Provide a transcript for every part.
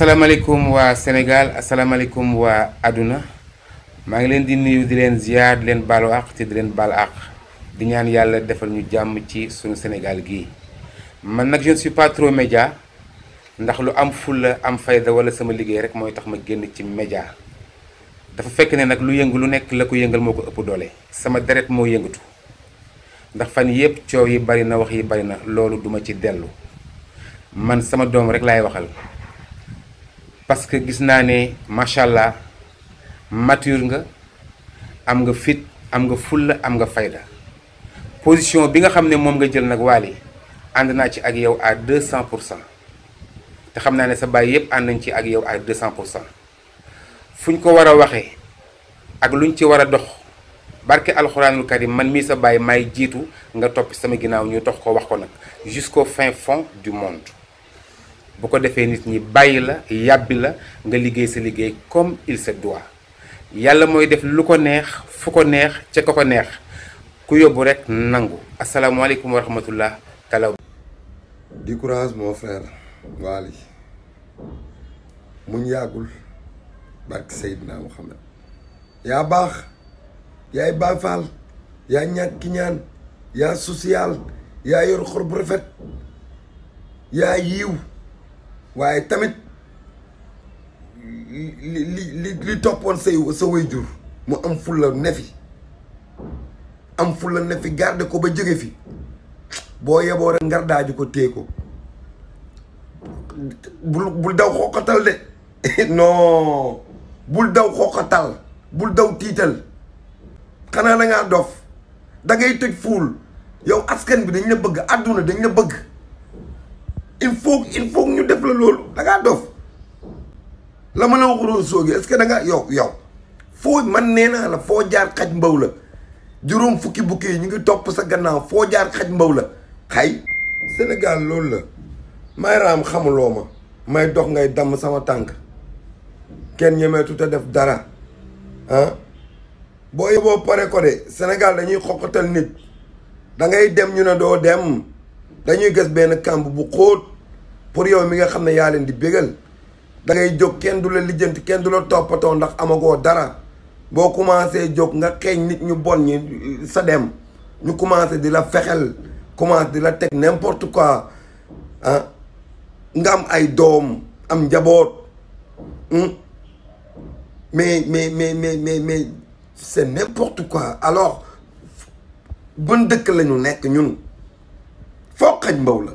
asalaamaaleykum waa Sénégal asalaamaaleykum waa àdduna maa ngi leen di nuyu di leen ziar leen baalu wax te di leen bal àq di ñaan yàlla defal ñu jàmm ci suñu senegal gii man nag je ne suis pas média ndax lu am fulla am fayda wala sama liggéey rek mooy tax ma génn ci média dafa fekk ne nag lu yëngu lu nekk la ko yëngal moo ko ëpp doole sama deret moo yëngatu ndax fan yëpp coow yi bari na wax yi bari na loolu duma ci dellu man sama doom rek lay waxal parce que gis naa ne macha allah mature nga am nga fit am nga fulla am nga fayda position bi nga xam ne moom nga jël nag waali ànd naa ci ak yow à 200 pour cent te xam naa ne sa baay yëpp ànd nañ ci ak yow à 200 pour cent fu ñu ko war a waxee ak luñ ci war a dox barke alxuraanul karim man mii sa baay may jiitu nga topp sama ginnaaw ñu tox ko wax ko nag jusqu'au fin fond du monde. bu ko defee nit ñi bàyyi la yàbbi la nga liggéey sa liggéey comme il se doit yàlla mooy def lu ko neex fu ko neex ca ko ko neex ku yóbbu rek nangu asalaamaaleykum wa rahmatullah taala di courage mon frère Wally muñ yàggul barke Seydina Muhammad yaa baax yaay baafaal yaa ñàkki ñaan yaa social yaa yor xor bu rafet yaa yiw waaye tamit li li li toppoon say sa waajur mu am fulla ne am fulla ne fi garde ko ba jóge fi boo yeboo rek ngar daaju ko téye ko bul bul daw xooqatal de non bul daw xooqatal bul daw tiital xanaa da ngaa dof dangay ngay fuul yow askan bi dañ la bëgg àdduna dañ la bëgg il faut il faut da ngaa dof la ma la waxuloon soogi est-ce yow yow foo man nee naa la foo jaar xaj mbaw la juróom fukki bukki ñu ngi topp sa gannaaw foo jaar xaj mbaw la xay Sénégal loolu la may raam xamuloo ma may dox ngay damm sama tànk kenn ñemeetu te def dara ah boo yóbboo pare ko de Sénégal dañuy xoqatal nit dangay dem ñu ne doo dem dañuy gës benn kàmb bu xóot pour yow mi nga xam ne yaa leen di bégal da ngay jóg kenn du la lijjanti kenn du la toppatoo ndax amagoo dara boo commencé jóg nga xeeñ nit ñu bon ñi sa dem ñu commencé di la fexel commencé di la teg n'importe quoi ah nga am ay doom am njaboot hmm. mais mais mais mais mais mais c'est n'importe quoi alors ban dëkk la ñu nekk ñun foo xaj mbaw la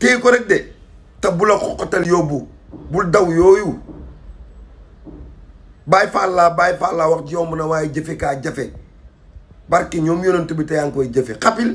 téye ko rek de te bu la xoqatal yóbbu bul daw yooyu bàyyi faal laa bàyyi faal laa wax yomb na waaye jëfe kaa jafe barki ñoom yonent bi te yaa ngi koy jëfe xapil